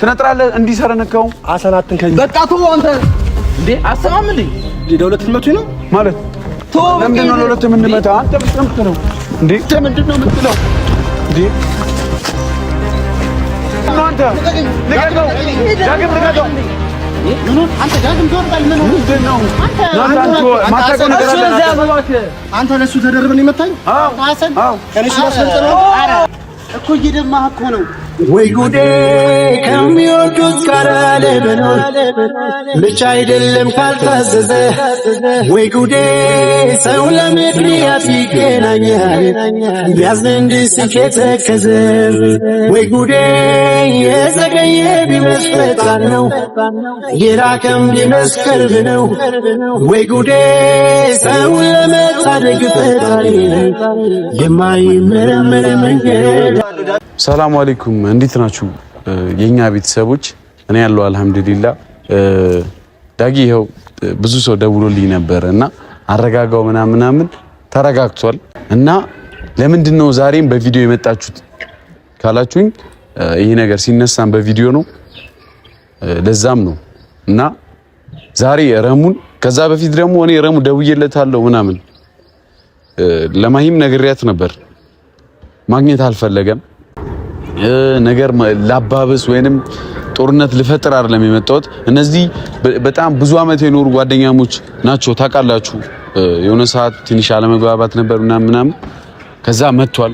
ትነጥራለህ። እንዲሰረነከው ከኝ በቃ ቶ አንተ እንዴ! አሰማምልኝ እንዴ! ለሁለት ልመቱ ነው ማለት ቶ ለምንድን ነው ለሁለት የምንመታ? አንተ ምትለው እንዴ? ምንድን ነው የምትለው እንዴ? አንተ ንገረው፣ ዳግም ንገረው። አንተ ምን ነው አንተ ለእሱ ተደርበን የመታኝ እኮ። እየደማህ እኮ ነው ወይ ጉዴ ከሚወዱት ጋር ለበኖር ብቻ አይደለም ካልታዘዘ፣ ወይ ጉዴ ሰው ለምክንያት ይገናኛል ቢያዝን እንዲህ ስንት ወይ ጉዴ የዘገየ ቢመስፈጣን ነው የራቀም ቢመስቀርብ ነው። ወይ ጉዴ ሰው ለመታደግ ፈጣሪ የማይመረመረ መንገድ ሰላም አለይኩም እንዴት ናችሁ የኛ ቤተሰቦች? እኔ ያለው አልሐምዱሊላ። ዳጊ ይኸው ብዙ ሰው ደውሎልኝ ነበር እና አረጋጋው ምናምን ምናምን ተረጋግቷል። እና ለምንድን ነው ዛሬም በቪዲዮ የመጣችሁት ካላችሁኝ ይህ ነገር ሲነሳም በቪዲዮ ነው። ለዛም ነው እና ዛሬ ረሙን ከዛ በፊት ደግሞ እኔ ረሙ ደውዬለታለሁ ምናምን ለማሂም ነግሬያት ነበር ማግኘት አልፈለገም። ነገር ላባብስ ወይንም ጦርነት ልፈጥር አይደለም የመጣሁት። እነዚህ በጣም ብዙ አመት የኖሩ ጓደኛሞች ናቸው ታውቃላችሁ። የሆነ ሰዓት ትንሽ አለመግባባት ነበር ምናምን ምናምን፣ ከዛ መጥቷል።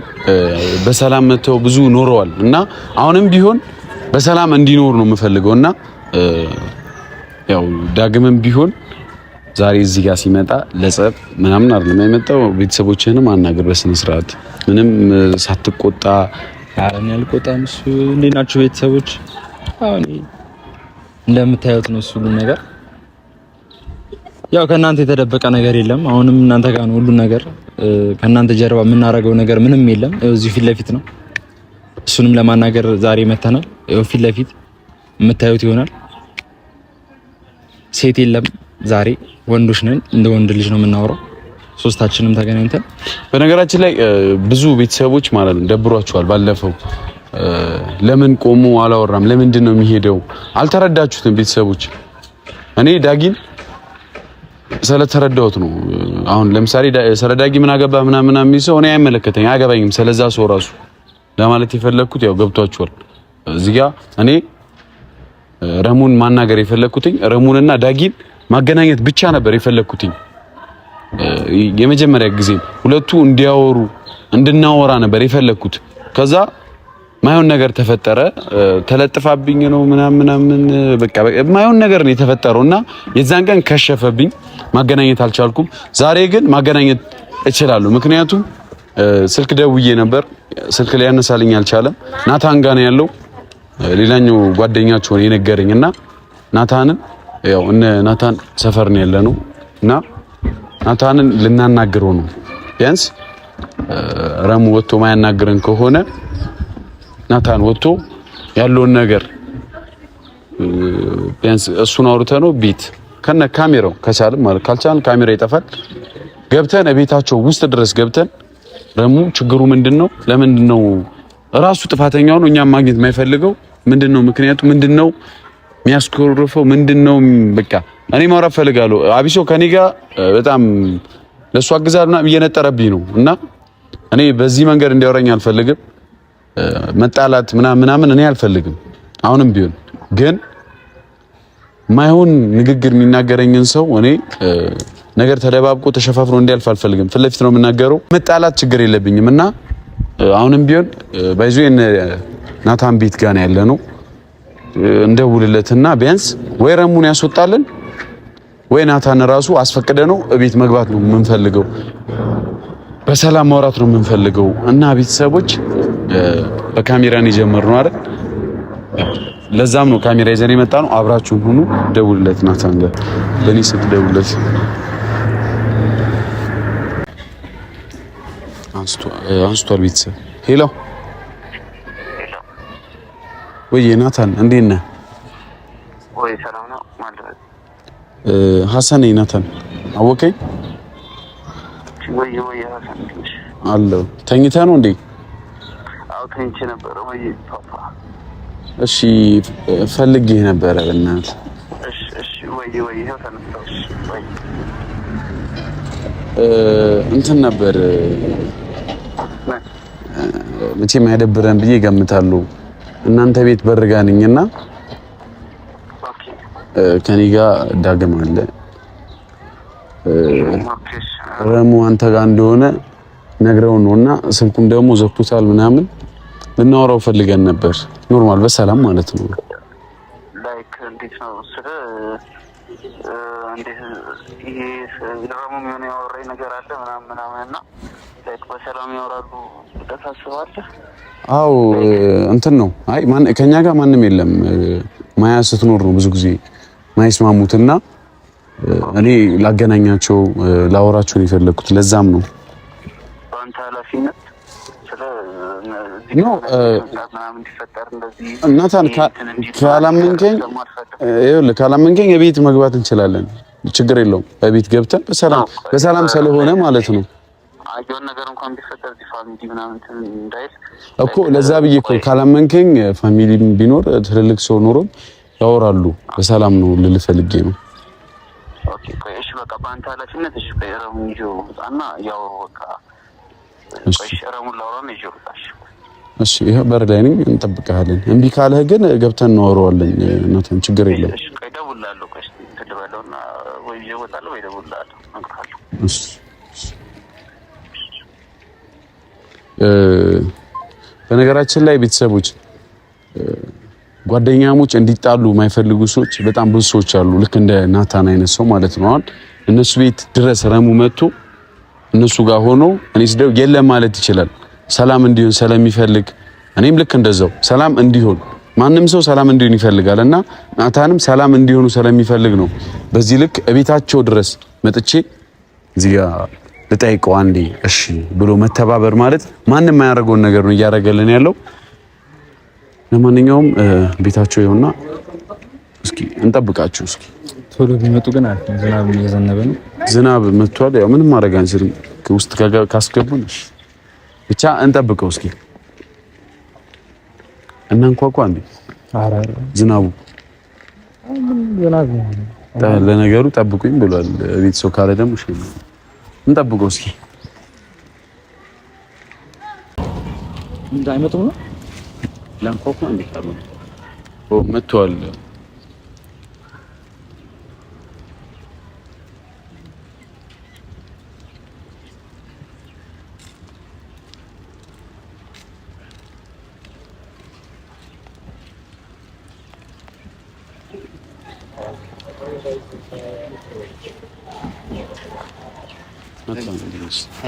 በሰላም መጥተው ብዙ ኖረዋል እና አሁንም ቢሆን በሰላም እንዲኖር ነው የምፈልገው እና ያው ዳግምም ቢሆን ዛሬ እዚህ ጋር ሲመጣ ለጸብ ምናምን አይደለም የመጣው። ቤተሰቦችህንም አናግር በስነ ስርዓት ምንም ሳትቆጣ አረን ያልቆጣም እሱ። እንዴት ናችሁ ቤተሰቦች? አሁን እንደምታዩት ነው እሱ ነገር ያው ከእናንተ የተደበቀ ነገር የለም። አሁንም እናንተ ጋር ነው ሁሉ ነገር። ከእናንተ ጀርባ የምናደርገው ነገር ምንም የለም። እዚሁ ፊት ለፊት ነው። እሱንም ለማናገር ዛሬ መተናል። ያው ፊት ለፊት የምታዩት ይሆናል። ሴት የለም ዛሬ፣ ወንዶች ነን። እንደ ወንድ ልጅ ነው የምናወራው። ሶስታችንም ተገናኝተን በነገራችን ላይ ብዙ ቤተሰቦች ማለት ነው ደብሯቸዋል። ባለፈው ለምን ቆሞ አላወራም፣ ለምንድን ነው የሚሄደው? አልተረዳችሁትም ቤተሰቦች። እኔ ዳጊን ስለተረዳሁት ነው። አሁን ለምሳሌ ስለ ዳጊ ምን አገባ ምናምን የሚል ሰው እኔ አይመለከተኝ አያገባኝም። ስለዛ ሰው ራሱ ለማለት የፈለግኩት ያው ገብቷችኋል። እዚህ ጋር እኔ ረሙን ማናገር የፈለግኩትኝ ረሙንና ዳጊን ማገናኘት ብቻ ነበር የፈለግኩትኝ የመጀመሪያ ጊዜ ሁለቱ እንዲያወሩ እንድናወራ ነበር የፈለግኩት። ከዛ ማይሆን ነገር ተፈጠረ። ተለጥፋብኝ ነው ምናምን ምናምን በቃ ማይሆን ነገር ነው የተፈጠረው እና የዛን ቀን ከሸፈብኝ፣ ማገናኘት አልቻልኩም። ዛሬ ግን ማገናኘት እችላለሁ። ምክንያቱም ስልክ ደውዬ ነበር፣ ስልክ ላይ ያነሳልኝ አልቻለም። ናታን ጋር ነው ያለው፣ ሌላኛው ጓደኛቸው የነገረኝ እና ናታንን ያው እነ ናታን ሰፈር ነው ያለ ነው እና ናታንን ልናናግረው ነው። ቢያንስ ረሙ ወጥቶ ማያናግረን ከሆነ ናታን ወጥቶ ያለውን ነገር ቢያንስ እሱን አውርተ ነው ቤት ከነ ካሜራው ከቻለ ማለት ካልቻለ ካሜራ ይጠፋል። ገብተን ቤታቸው ውስጥ ድረስ ገብተን ረሙ ችግሩ ምንድነው? ለምንድነው ራሱ ጥፋተኛውን እኛም ማግኘት የማይፈልገው ምንድነው? ምክንያቱ ምንድነው? የሚያስኮርፈው ምንድን ነው? በቃ እኔ ማውራት ፈልጋለሁ። አቢሶ ከኔ ጋር በጣም ለእሱ አግዛልና እየነጠረብኝ ነው እና እኔ በዚህ መንገድ እንዲያወራኝ አልፈልግም። መጣላት ምናምን ምናምን እኔ አልፈልግም። አሁንም ቢሆን ግን ማይሆን ንግግር የሚናገረኝን ሰው እኔ ነገር ተደባብቆ ተሸፋፍኖ እንዲያልፍ አልፈልግም። ፊት ለፊት ነው የምናገረው። መጣላት ችግር የለብኝም እና አሁንም ቢሆን ባይዞ ናታን ቤት ጋር ያለ ነው እንደውልለትና ቢያንስ ወይ ረሙን ያስወጣልን ወይ ናታን ራሱ አስፈቅደ ነው እቤት መግባት ነው የምንፈልገው፣ በሰላም ማውራት ነው የምንፈልገው። እና ቤተሰቦች በካሜራን ነው አይደል? ለዛም ነው ካሜራ ይዘን የመጣ ነው። አብራችሁን ሁኑ። ደውልለት፣ ናታን ጋር ለእኔ ስትደውልለት አንስቷል ቤተሰብ ሄሎ ወይ ናታን እንዴት ነህ? ወይ ሰላም ነው ማለት ሐሰን ናታን አወቀኝ። ወይ ወይ ሀሰን አለው ተኝተህ ነው እንዴ? አዎ ተኝቼ ነበረ። ወይ ፓፓ እሺ ፈልጌህ ነበረ በእናትህ። እሺ እሺ ወይ ወይ ወይ እንትን ነበር መቼም አይደብረን ብዬ ገምታለሁ። እናንተ ቤት በርጋ ነኝና ከኔ ጋር ዳግም አለ ረሙ አንተ ጋር እንደሆነ ነግረው ነውና ስልኩም ደግሞ ዘግቶታል ምናምን ልናወራው ፈልገን ነበር። ኖርማል በሰላም ማለት ነው። ላይክ እንዴት ነው ስለ እንዴት ይሄ ረሙ የሆነ ያወራኝ ነገር አለ ምናምን ምናምን እና በሰላም ያወራሉ ታስባለህ? አው እንትን ነው። አይ ማን ከኛ ጋር ማንም የለም። ማያ ስትኖር ነው ብዙ ጊዜ ማይስማሙትና እኔ ላገናኛቸው ላወራቸው ነው የፈለኩት። ለዛም ነው በአንተ ኃላፊነት እናታን ካላመንከኝ ይኸውልህ፣ ካላመንከኝ የቤት መግባት እንችላለን። ችግር የለውም። በቤት ገብተን በሰላም በሰላም ስለሆነ ማለት ነው አየውን ነገር እንኳን ቢፈጠር ፋሚሊ ምናምን እንዳይል እኮ ለዛ ብዬ እኮ ካላመንከኝ ፋሚሊ ቢኖር ትልልቅ ሰው ኖሮ ያወራሉ። በሰላም ነው ልልህ ፈልጌ ነው። እሺ በቃ በአንተ ኃላፊነት እሺ። ቀረሙን ይዞ ጣና ያው በቃ ቀረሙን ላውራን ይዞ ጣሽ እሺ ይሄ በር ላይ ነኝ፣ እንጠብቅሃለን። እምቢ ካለህ ግን ገብተን እናወራዋለን። እናትን ችግር የለም። እደውልልሃለሁ። እሺ በነገራችን ላይ ቤተሰቦች ጓደኛሞች እንዲጣሉ የማይፈልጉ ሰዎች በጣም ብዙ ሰዎች አሉ። ልክ እንደ ናታን አይነት ሰው ማለት ነው። አሁን እነሱ ቤት ድረስ ረሙ መጥቶ እነሱ ጋር ሆኖ እኔ ስደው የለም ማለት ይችላል። ሰላም እንዲሆን ስለሚፈልግ እኔም ልክ እንደዛው ሰላም እንዲሆን ማንም ሰው ሰላም እንዲሆን ይፈልጋል እና ናታንም ሰላም እንዲሆኑ ስለሚፈልግ ነው በዚህ ልክ እቤታቸው ድረስ መጥቼ እዚህ ጋር ልጠይቀው አንዴ እሺ ብሎ መተባበር ማለት ማንም የማያደርገውን ነገር ነው እያደረገልን ያለው። ለማንኛውም ቤታቸው ይሁንና እስኪ እንጠብቃቸው። እስኪ ቶሎ ቢመጡ ግን አሪፍ ዝናብ እየዘነበ ነው። ዝናብ መጥቷል። ያው ምንም ማድረግ አንችልም። ውስጥ ካስገቡን ብቻ እንጠብቀው እስኪ እናንኳኳ እንዴ። ዝናቡ ለነገሩ ጠብቁኝ ብሏል። ቤት ሰው ካለ ደግሞ እንጠብቀው እስኪ እንዳይመጡ ነው መጥቷል እንትን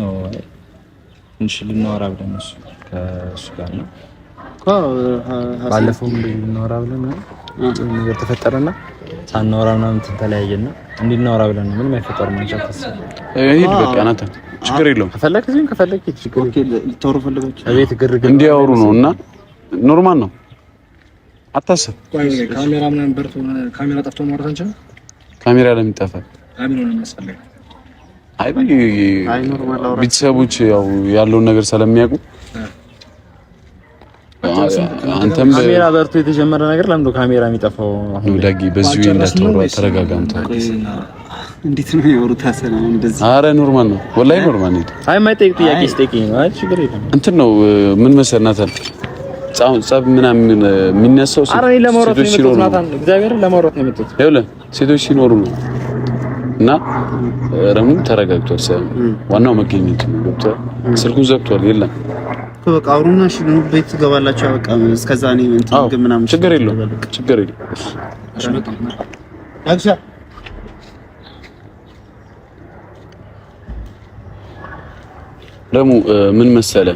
ነው ትንሽ ልናወራ ብለን ባለፈው ልናወራ ብለን ነገር ተፈጠረና ሳናወራ ምናምን ተለያየና እንድናወራ ብለን ነው ምንም አይፈጠር በቃ ነው። ችግር የለውም ከፈለክ ዚም ከፈለክ ችግር እንዲያወሩ ነው እና ኖርማል ነው። አታስብ። ካሜራ ምናምን በርቶ ካሜራ ጠፍቶ ማውራት አንችልም። ካሜራ ለምን አይ ቤተሰቦች ያው ያለውን ነገር ስለሚያውቁ አንተም ካሜራ በርቶ የተጀመረ ነገር ለምዶ ካሜራ የሚጠፋው አሁን ደግ በዚሁ እንዳትወራ ተረጋጋምታ። እንዴት ነው የወሩ ታሰና እንደዚህ? አረ ኖርማል ነው ወላሂ ኖርማል ነው። አይ የማይጠይቅ ጥያቄ ስጠይቅ ነው። አይ ችግር የለም እንትን ነው ምን መሰል ናታል ጸብ ምናምን የሚነሳው ሴቶች ሲኖሩ ነው። እና ረሙ ተረጋግቷል። ዋናው መገኘት ነው። ገብቷል። ስልኩ ዘግቷል። የለም በቃ አውሩና እሺ፣ ቤት ትገባላችሁ። በቃ እስከዛ እኔ እንትን ምናምን ችግር የለውም፣ ችግር የለውም። ደግሞ ምን መሰለ፣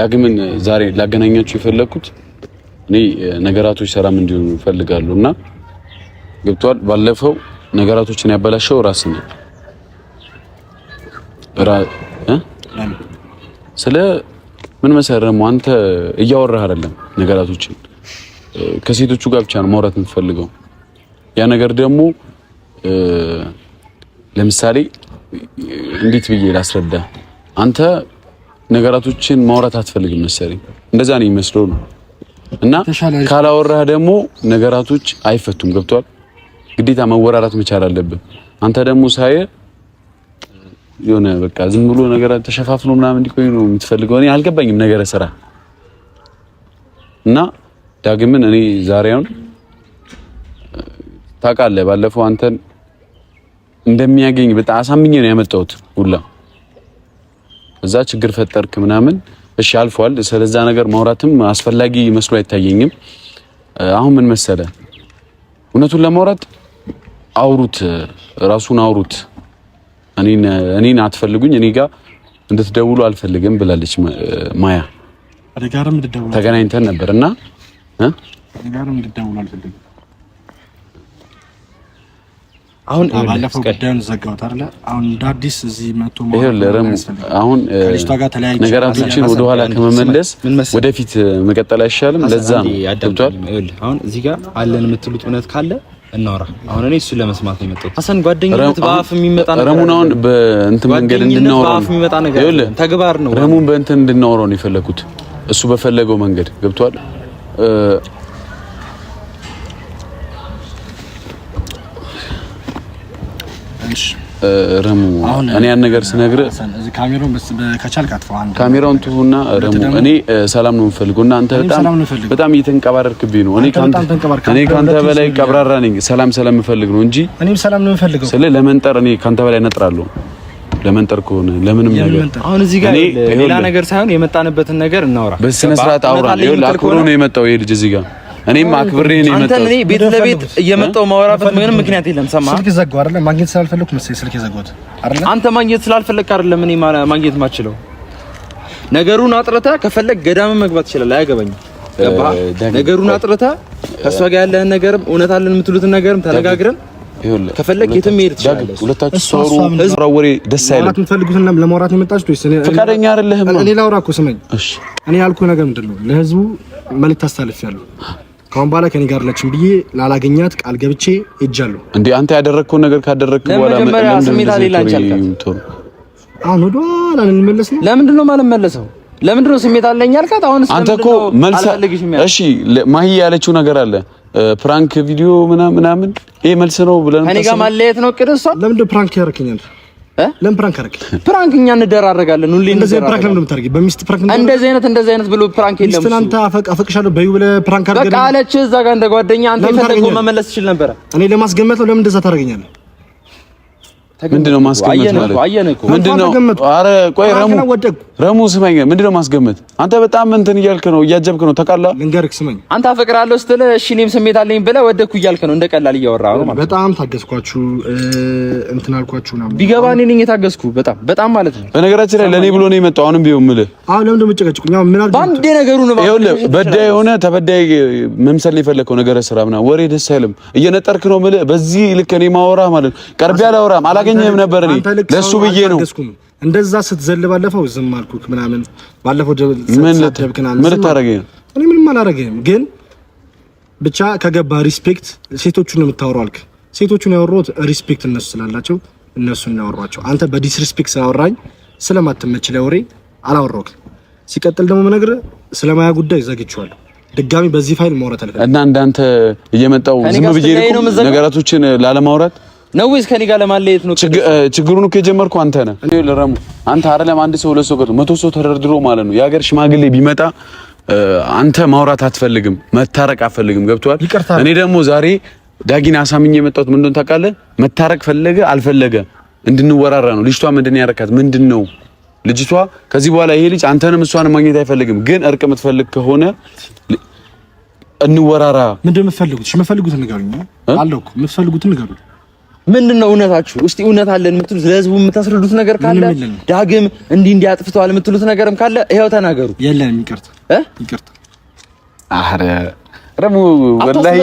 ዳግምን ዛሬ ላገናኛችሁ የፈለኩት እኔ ነገራቶች ሰላም እንዲሆኑ እፈልጋለሁ እና ገብቷል። ባለፈው ነገራቶችን ያበላሸው ራስ ነው። ስለ ምን መሰረ ነው አንተ እያወራህ አይደለም ነገራቶችን ከሴቶቹ ጋር ብቻ ነው ማውራት የምትፈልገው። ያ ነገር ደግሞ ለምሳሌ እንዴት ብዬ ላስረዳ፣ አንተ ነገራቶችን ማውራት አትፈልግም መሰለኝ፣ እንደዛ ነው የሚመስለው ነው። እና ካላወራህ ደግሞ ነገራቶች አይፈቱም። ገብቷል። ግዴታ መወራራት መቻል አለብን። አንተ ደግሞ ሳየ የሆነ በቃ ዝም ብሎ ነገር ተሸፋፍኖ ምናምን እንዲቆይ ነው የምትፈልገው። እኔ አልገባኝም ነገረ ስራ እና ዳግምን እኔ ዛሬውን ታውቃለህ፣ ባለፈው አንተን እንደሚያገኝ በጣም አሳምኜ ነው ያመጣሁት ሁላ እዛ ችግር ፈጠርክ ምናምን። እሺ አልፏል። ስለዛ ነገር ማውራትም አስፈላጊ መስሎ አይታየኝም። አሁን ምን መሰለ፣ እውነቱን ለማውራት አውሩት፣ ራሱን አውሩት እኔን አትፈልጉኝ፣ እኔ ጋር እንድትደውሉ አልፈልግም ብላለች ማያ። ተገናኝተን ነበር እና አሁን ባለፈው ጉዳዩን ዘጋሁት አሁን እንደ እዚህ መጥቶ አሁን ነገራቶችን ወደ ኋላ ከመመለስ ወደፊት መቀጠል አይሻልም? ለዛ ነው አሁን እዚህ ጋር አለን የምትሉት እውነት ካለ እናውራ። አሁን እኔ እሱን ለመስማት ነው የመጣሁት። ሀሰን ጓደኝነት በአፍ የሚመጣ ነገር ረሙን አሁን በእንትን መንገድ እንድናወራው ተግባር ነው። ረሙን በእንትን እንድናወራው ነው የፈለኩት። እሱ በፈለገው መንገድ ገብቷል። እሺ ረሙ እኔ ያን ነገር ስነግር ካሜራውን ትሁና ረሙ እኔ ሰላም ነው የምፈልገው። እና አንተ በጣም በጣም እየተንቀባረርክብኝ ነው። እኔ ካንተ በላይ ቀብራራ ነኝ። ሰላም ሰላም የምፈልግ ነው እንጂ እኔም ሰላም ነው የምፈልገው። ስለ ለመንጠር እኔ ካንተ በላይ እነጥራለሁ። ለመንጠር ከሆነ ለምንም ነገር አሁን እዚህ ጋር ሌላ ነገር ሳይሆን የመጣንበትን ነገር እናውራ። በስነ ስርዓት አውራ። ይኸውልህ አክብሮ ነው የመጣው ይሄ ልጅ እዚህ ጋር እኔም አክብሬ ነው የመጣሁት። አንተ ቤት ለቤት እየመጣሁ ማወራበት ምንም ምክንያት የለም። ሰማህ? ስልክ ዘጋው አይደለ? ማግኘት ስላልፈለኩ መሰለኝ ስልክ የዘጋሁት አይደለ? አንተ ማግኘት ስላልፈለክ አይደለም እኔ ማግኘት የማችለው። ነገሩን አጥርተህ ከፈለክ ገዳም መግባት ይችላል፣ አያገባኝም። ገባህ? ነገሩን አጥርተህ ከእሷ ጋር ያለህን ነገርም እውነት አለን የምትሉትን ነገርም ተነጋግረን ከፈለግ የትም ሄድ ትችላለህ። ሁለታችሁ ሰሩ ህዝብ ወሬ ደስ አይልም። የምትፈልጉትን ለማውራት ነው ወይስ እኔ ፈቃደኛ አይደለህም? እኔ ላውራ እኮ ስመኝ። እሺ እኔ ያልኩህ ነገር ምንድን ነው? ለህዝቡ መልዕክት አስተላልፌያለሁ። ከአሁን በኋላ ከኔ ጋር ለችም ብዬ ላላገኛት ቃል ገብቼ ሄጃለሁ። እንዴ አንተ ያደረግከው ነገር ካደረግክ በኋላ ስሜታ ልንመለስ ነው። ለምንድን ነው የማልመለሰው? ለምንድን ነው ስሜት አለኝ ያልካት? አሁን አንተ እኮ መልስ እሺ፣ ማሂ ያለችው ነገር አለ ፕራንክ ቪዲዮ ምናምን ምናምን፣ ይሄ መልስ ነው ብለን እኔ ጋር ማለየት ነው ቅድም እሷ ለምንድን ፕራንክ ያደረከኛል ለምን ፕራንክ አደረግህ? ፕራንክ እኛ እንደራረጋለን። ሁሌ እንደዚህ ፕራንክ ለምን እንደምታደርጊ? በሚስት ፕራንክ እንደዚህ አይነት እንደዚህ አይነት ብሎ ፕራንክ የለም። ሚስት አንተ አፈቅ አፈቅሻለሁ በይው ብለህ ፕራንክ አድርገህ በቃ አለች እዛ ጋር እንደ ጓደኛ አንተ የፈለገው መመለስ ትችል ነበረ። እኔ ለማስገመት ነው። ለምን እንደዛ ታደርገኛለህ? ምንድን ነው ማስገመት ማለት? አየህ እኮ ምንድን ነው? አረ ቆይ ረሙ ረሙ ስመኝ፣ ምንድን ነው ማስገመት? አንተ በጣም እንትን እያልክ ነው፣ እያጀብክ ነው። ተቃላ ልንገርክ፣ ስመኝ፣ አንተ አፈቅራለሁ ስትል እሺ፣ እኔም ስሜት አለኝ ብለህ ወደኩ እያልክ ነው። እንደቀላል እያወራ ነው። በጣም ታገዝኳችሁ፣ እንትን አልኳችሁ ነው። ቢገባ እኔ ነኝ የታገዝኩ፣ በጣም በጣም ማለት ነው። በነገራችን ላይ ለእኔ ብሎ ነው የመጣው። አሁንም ቢሆን የምልህ አሁን ለምን እንደምጨቀጭቁኝ ምን አልኩ? ባንዴ ነገሩ ነው። ይኸውልህ፣ በዳይ የሆነ ተበዳይ መምሰል የፈለግከው ነገረ ስራ ምናምን ወሬ ደስ አይልም። እየነጠርክ ነው የምልህ። በዚህ ልክ እኔ ማወራ ማለት ነው። ቀርቤ አላወራህም፣ አላገኘህም ነበር። እኔ ለሱ ብዬ ነው እንደዛ ስትዘል ባለፈው ዝም አልኩክ ምናምን ባለፈው ምን ልታረገኝ እኔ ምንም አላረገኝም፣ ግን ብቻ ከገባ ሪስፔክት ሴቶቹን ነው የምታወራው አልክ። ሴቶቹን ያወሩት ሪስፔክት እነሱ ስላላቸው እነሱ እናወሯቸው። አንተ በዲስሪስፔክት ስላወራኝ ስለማትመች ለወሬ አላወራሁክ። ሲቀጥል ደግሞ ነገር ስለማያ ጉዳይ ዘግቼዋለሁ። ድጋሚ በዚህ ፋይል ማውራት አልፈልግም እና እንዳንተ እየመጣው ዝም ብዬ ነገራቶችን ላለማውራት ነው ወይስ ከኔ ጋር ለማለየት ነው? ችግሩን እኮ የጀመርኩ አንተ ነህ። እኔ ለረሙ አንተ አይደለም አንድ ሰው ሁለት ሰው ቀጥ መቶ ሰው ተደርድሮ ማለት ነው የሀገር ሽማግሌ ቢመጣ አንተ ማውራት አትፈልግም፣ መታረቅ አትፈልግም። ገብቷል። እኔ ደግሞ ዛሬ ዳጊን አሳምኜ የመጣሁት ምን እንደሆነ ታውቃለህ? መታረቅ ፈለገ አልፈለገ እንድንወራራ ነው። ልጅቷ ምንድን ያረካት ምንድን ነው? ልጅቷ ከዚህ በኋላ ይሄ ልጅ አንተንም እሷን ማግኘት አይፈልግም። ግን እርቅ የምትፈልግ ከሆነ እንወራራ። ምንድን ነው የምትፈልጉት? እሺ የምትፈልጉትን ንገሩኝ። አለሁ እኮ የምትፈልጉትን ንገሩኝ ምንድን ነው እውነታችሁ? እስቲ እውነት አለን የምትሉት ለህዝቡ የምታስረዱት ነገር ካለ ዳግም እንዲህ እንዲህ አጥፍተዋል የምትሉት ነገርም ካለ ይኸው ተናገሩ። የለንም፣ ይቅርታ እ ይቅርታ አህረ ረሙ ወላሂ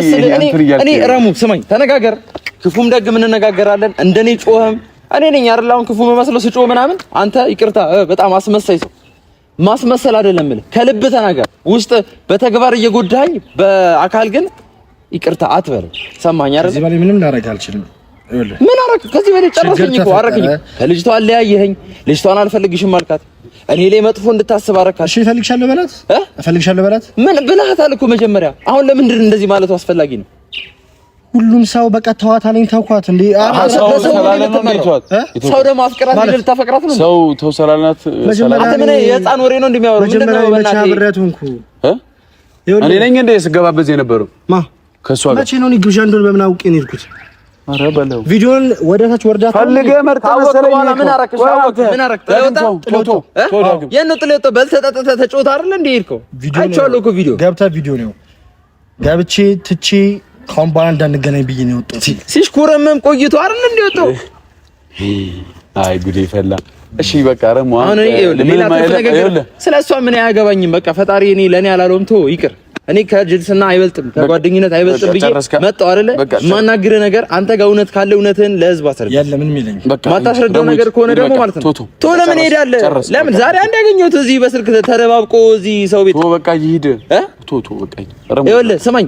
እኔ ረሙ ስማኝ፣ ተነጋገር። ክፉም ደግም እንነጋገራለን። እንደኔ ጮህም እኔ ነኝ አይደል? አሁን ክፉ መስለው ስጮህ ምናምን አንተ ይቅርታ በጣም አስመሳይ ሰው ማስመሰል አይደለም የምልህ፣ ከልብ ተናገር። ውስጥ በተግባር እየጎዳኝ በአካል ግን ይቅርታ አትበል። ሰማኝ አይደል? እዚህ በላይ ምንም ላደርግ አልችልም። ምን አረክ? ከዚህ በላይ ጨረሰኝ እኮ አረከኝ። ከልጅቷ አለያየኸኝ፣ ልጅቷን አልፈልግሽም አልካት። እኔ ላይ መጥፎ እንድታስብ አረካት። እሺ እፈልግሻለሁ በላት እ እፈልግሻለሁ በላት ምን ብለሃታል እኮ መጀመሪያ። አሁን ለምንድን እንደዚህ ማለቱ አስፈላጊ ነው? ሁሉም ሰው በቃ ተዋት አለኝ። ተውኳት እንዴ ሰው ደግሞ አፍቅራት እንዴ ልታፈቅራት ነው? ሰው ተው ሰላልናት። አንተ ምን የህፃን ወሬ ነው እንደሚያወራው? መጀመሪያ መቻ ብረቱንኩ እ እኔ ነኝ እንደ ስገባበት የነበረው ማ ከሷ ጋር መቼ ነው ግብዣ እንደሆነ በምን አውቄ ነው የሄድኩት? ቪዲዮን ታች ወርዳ ፈልገህ መርጠህ መሰለኝ። ምን አረክሽ? ምን አረክ? ገብቼ ትቼ ካሁን በኋላ እንዳንገናኝ ብዬ ነው የወጣሁት። ሲሽኮረመም ቆይቶ አይደል እንደ ወጣሁ። አይ ጉዴ ፈላ። እሺ በቃ ረሙ፣ አሁን ሌላ ነገር ስለ እሷ ምን አያገባኝም። በቃ ፈጣሪ እኔ ለእኔ አላለውም። ተወው ይቅር እኔ ከጅልስና አይበልጥም ከጓደኝነት አይበልጥም ብዬ መጣሁ አይደለ? ማናግር ነገር አንተ ጋር እውነት ካለ እውነትህን ለህዝብ አስረዳ። ማታስረዳው ነገር ከሆነ ደግሞ ማለት ነው ቶሎ ምን ሄዳለህ? ለምን ዛሬ አንድ ያገኘሁት እዚህ በስልክ ተደባብቆ እዚህ ሰው ቤት በቃ ይሂድ እ ቶ ቶ በቃ ይኸውልህ፣ ስማኝ፣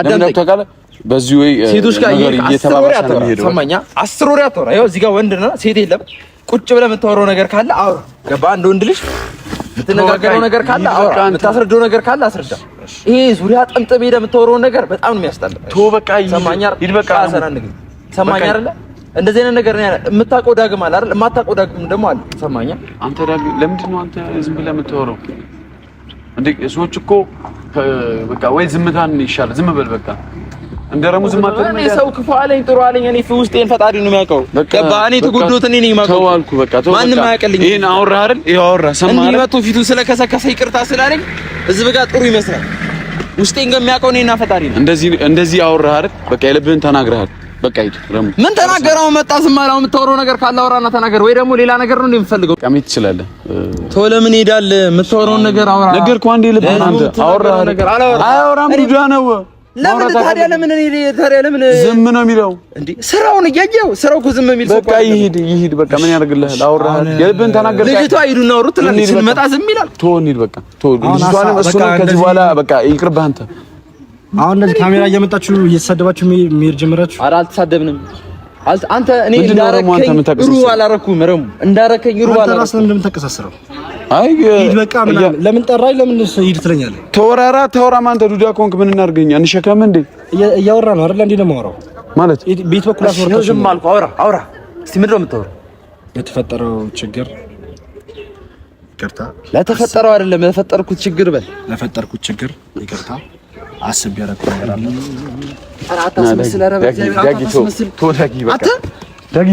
አዳምጠኝ በዚህ ወይ ሴቶች ጋር እየተባባሰ ነው የሚሄደው። ሰማኛ አስር ወሬ አታወራ። ይኸው እዚህ ጋር ወንድ ነህ ሴት የለም። ቁጭ ብለህ የምታወራው ነገር ካለ አውራ። ገባህ? አንድ ወንድ ልጅ የምትነጋገረው ነገር ካለ አውራ፣ የምታስረዳው ነገር ካለ አስረዳ። ይሄ ዙሪያ ጠምጥም ሄደህ የምታወራውን ነገር በጣም ነው የሚያስጠላ። ቶ በቃ ሰማኝ አይደለ? እንደዚህ አይነት ነገር ነው የምታውቀው ዳግም አለ አይደል? የማታውቀው ዳግም ደግሞ አለ። ሰማኛ አንተ ዳግም ለምንድን ነው አንተ ዝም ብለህ የምታወራው? እንዴ ሰዎች እኮ በቃ ወይ ዝምታን ይሻላል። ዝም በል በቃ እንደ ረሙዝ ማጥተን ሰው ክፉ አለኝ ጥሩ አለኝ እኔ ውስጤን ፈጣሪ ነው የሚያውቀው። በቃ እኔ ተጎዶት እኔ ነኝ የማውቀው። ተዋልኩ በቃ ተው። ማንም አያውቅልኝ። ይሄን አወራ አይደል? ይሄ አወራ ሰማህ አይደል? መቶ ፊቱ ስለከሰከሰ ይቅርታ ስላለኝ እዚህ ጋር ጥሩ ይመስላል። ውስጤን የሚያውቀው እኔና ፈጣሪ ነው። እንደዚህ እንደዚህ አወራ አይደል? በቃ የልብህን ተናግረሃል። በቃ ይሄ ረሙ ምን ተናገረው? መጣ ስማላው የምታወራው ነገር ካላወራና ተናገር፣ ወይ ደግሞ ሌላ ነገር ነው እንደምፈልገው ቀሚት ትችላለህ። ተው ለምን ሄዳለህ? የምታወራውን ነገር አወራ። ነገርኩህ አንዴ ልብህን አንተ አወራ ነገር አላወራ አያወራም ነው ለምን ታዲያ ለምን እኔ ታዲያ ለምን ዝም ነው የሚለው? እንዴ ስራውን እያየው ስራው እኮ ዝም የሚል በቃ ይሂድ ይሂድ በቃ ምን የልብህን ተናገር። ልጅቷ ስንመጣ ዝም ይላል። ቶ እንሂድ በቃ ቶ ልጅቷንም እሱንም ከዚህ በኋላ በቃ ይቅርብህ አንተ። አሁን ካሜራ እያመጣችሁ እየተሳደባችሁ ኧረ አልተሳደብንም። አንተ እኔ እንዳረከኝ ሩ አላረኩም። ረሙ እንዳረከኝ ሩ አላረኩም። አይ በቃ ለምን ጠራኝ? ለምን ሂድ ትለኛለህ? ተወራራ ተወራ ማንተ ዱዳ ኮንክ ምን እናድርገኛ? እንሸከም እንዴ? እያወራ ነው አይደል? እንዴ ነው የማወራው ማለት ቤት በኩል ዝም አልኩ። አውራ አውራ እስቲ ምንድን ነው የምታወራው? ችግር ይቅርታ። ለተፈጠረው አይደለም ለፈጠርኩት ችግር በል። ለፈጠርኩት ችግር ይቅርታ። ነገር አለ። ዳጊ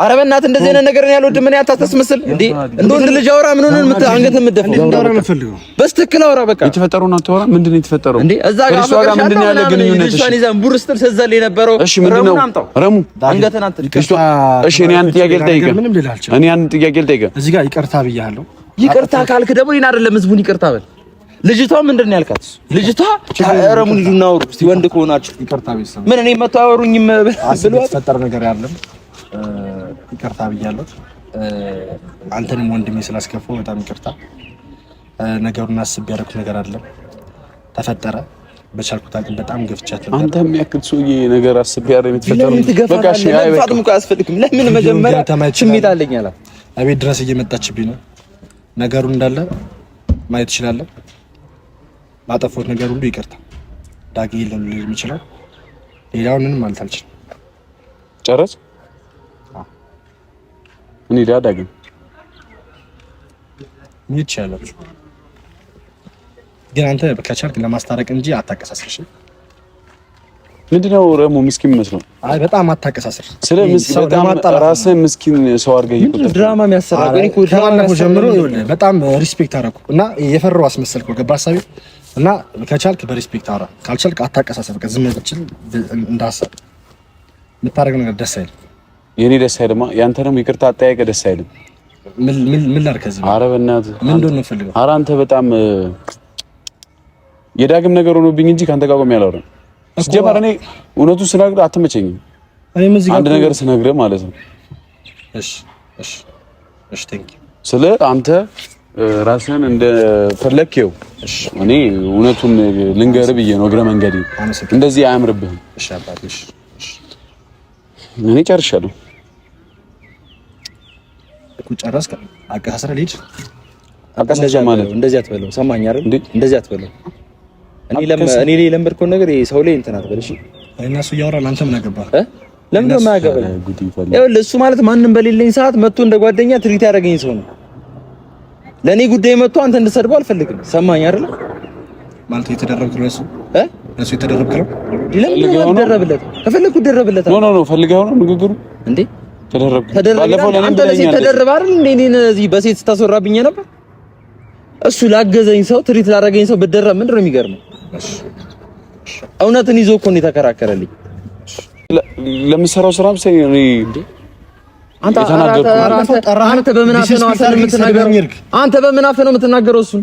አረ በእናትህ እንደዚህ አይነት ነገር ነው ያለው። ድምን አታስተስመስል እንዴ! እንደ ወንድ ልጅ አውራ። ምን ሆነን አንገት የምትደፋው? በስትክክል አውራ። በቃ የተፈጠረውን አታወራ። ምንድን ነው የተፈጠረው? እንዴ እዛ ጋር ምንድን ነው ያለ ግንኙነት? እሺ ይዛን ቡር ስትል ስትዘል የነበረው እሺ፣ ምንድን ነው ረሙ? አንገትን አንተ እሺ። እኔ አንድ ጥያቄ ልጠይቅህ። እኔ አንድ ጥያቄ ልጠይቅህ። እዚህ ጋር ይቅርታ ብያለሁ። ይቅርታ ካልክ ደግሞ እኔን አይደለም ህዝቡን ይቅርታ በል። ልጅቷ ምንድን ነው ያልካት? ልጅቷ ረሙን ሂዱና አውሩ እስቲ ወንድ ከሆናችሁ። ይቅርታ ቢሰማ ምን እኔ መተው አወሩኝም ብሏት ፈጠረ ነገር ያለም ይቅርታ ብያለሁ። አንተንም ወንድሜ ስላስከፋው በጣም ይቅርታ። ነገሩን አስብ ያደረኩት ነገር አለ ተፈጠረ። በቻልኩት አቅም በጣም ገፍቻት ነበር። አንተ የሚያክል ሰውዬ ነገር አስብ ያደረግ የምትፈጠረው መጥፋትም እኮ አያስፈልግም። ለምን መጀመሪያ ስሜት አለኝ አላት። እቤት ድረስ እየመጣችብኝ ነው። ነገሩ እንዳለ ማየት ትችላለህ። ባጠፋሁት ነገር ሁሉ ይቅርታ ዳግዬ ልል የሚችለው ሌላውንንም ማለት አልችልም። ጨረስ እንሂድ። ዳግም ይቻላል፣ ግን አንተ ከቻልክ ለማስታረቅ እንጂ አታቀሳስርሽ። ምንድነው ረሙ ምስኪን መስሎህ? አይ በጣም አታቀሳስር። ስለ ምስኪን ራስህ ምስኪን ሰው አድርገህ ድራማ የሚያሰራ ጀምሮ በጣም ሪስፔክት አደረኩ እና የፈራው አስመሰልከው። ገባ ሀሳቤ እና ከቻልክ በሪስፔክት አውራ፣ ካልቻልክ አታቀሳስር። ዝም ብትችል እንዳሰብ የምታደርገው ነገር ደስ አይልም። የኔ ደስ አይልማ። ያንተ ደግሞ ይቅርታ አጠያየቅ ደስ አይልም። ምን ምን ላድርግ ከዚህ ኧረ ምን እንደሆነ ፈልገው። ኧረ አንተ በጣም የዳግም ነገር ሆኖብኝ እንጂ ካንተ ጋር ቆሜ አላወራም። ሲጀመር እኔ እውነቱን ስነግርህ አትመቸኝም። አንድ ነገር ስነግርህ ማለት ነው። እሺ እሺ እሺ ቴንክ ዩ ስለ አንተ ራስህን እንደ ፈለግከው እኔ እውነቱን ልንገርህ ብዬ ነው። እግረ መንገድ እንደዚህ አያምርብህም። እኔ ጨርሻለሁ። ቁጭ አራስከ አቀሳስረ ልጅ አቀሳስረ ማለት እንደዚህ አትበለው። ሰማኝ አይደል? እንደዚህ አትበለው። እኔ ለም እኔ ላይ ለምርኮ ነገር ሰው ላይ እንትን አትበል እሺ። እነሱ እያወራል አንተ ምን አገባህ? ለምን ማያገባህ? ይኸውልህ እሱ ማለት ማንም በሌለኝ ሰዓት መጥቶ እንደ ጓደኛ ትሪት ያደረገኝ ሰው ነው። ለእኔ ጉዳይ መጥቶ አንተ እንድሰድበው አልፈልግም። ሰማኝ አይደል? ማለት የተደረብክ ነው እሱ እ እሱ የተደረብክ ነው። ለምን ደረብለት? ከፈለኩ ደረብለት። ኖ ኖ ኖ ፈልገህ ነው ንግግሩ እንዴ በሴት ስታስወራብኝ ነበር። እሱ ላገዘኝ ሰው ትሪት ላደረገኝ ሰው ብደረብ ምንድን ነው የሚገርመው? እውነትን ይዞ እኮ ነው የተከራከረልኝ። ለምሰራው ስራም ሰይ እኔ አንተ በምናፍህ ነው የምትናገረው እሱን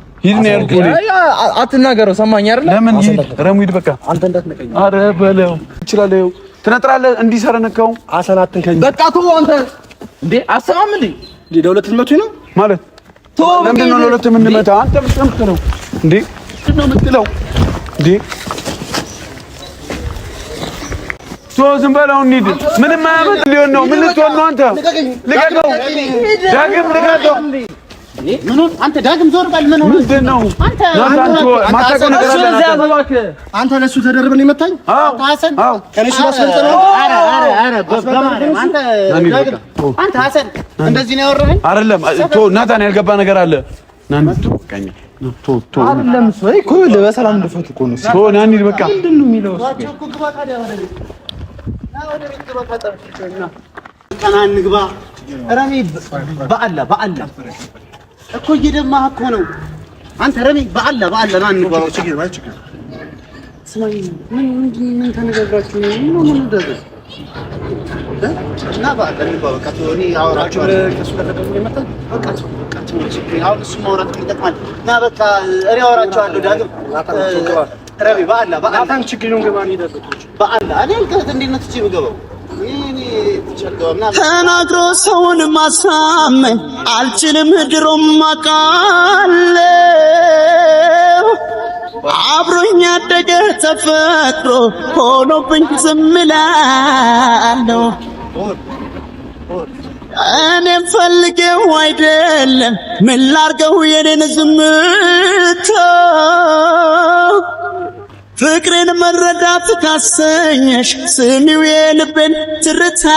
ሂድ ነው ያልኩህ። አትናገረው። ሰማኝ አይደል? ለምን ሂድ፣ ረሙ ሂድ። በቃ አንተ እንዳትነቀኝ። ኧረ በለው ትችላለህ። ትነጥራለህ። እንዲህ ሰረነካው። አሰን አትንከኝ። በቃ ተው አንተ። እንዴ አሰማም እንዴ ለሁለት ልመቱኝ ነው ማለት ተው። ለምንድን ነው ለሁለት የምንመታ? አንተ ምጥምጥ ነው እንዴ? ምንድን ነው የምትለው እንዴ? ዝም በለው እንሂድ። ምንም አያመጥ ሊሆን ነው። ምን ልትሆን ነው አንተ? ልቀቀው፣ ዳግም ልቀቀው አንተ ዳግም ዞር በል። ምን ሆነህ ነው አንተ? ለሱ ተደርበህ ነው የመታኝ። አንተ ሀሰን ናታን፣ ያልገባ ነገር አለ በሰላም ልፈቱ እኮ ነው እኮ እየደማህ እኮ ነው አንተ ረሜ። በአለ በአለ ማን ነው ችግር ባይ ችግር ስማኝ፣ ምን ምን ተነጋግራችሁ ነው? ምን ነው ምን ደረሰ? እና በአለ ምን ባው በቃ አወራችሁ ከሱ ከተቀመጠ ይመጣ በቃ በቃ ትሞች ያው እሱ ማውራት ይጠቅማል። ና በቃ እኔ አወራችኋለሁ ዳግም ረሜ። በአለ በአለ ታን ችግሩን ገባን ይደረሰ በአለ እኔ ከዚህ ነው ትችይ የምገባው ተናግሮ ሰውን ማሳመን አልችልም። ድሮም ማቃለ አብሮኝ ያደገ ተፈጥሮ ሆኖብኝ ዝም እላለሁ። እኔም ፈልጌው አይደለም ምን ላርገው የኔን ዝምታ ፍቅርን መረዳት ካሰኘሽ ስሚው የልቤን ትርታ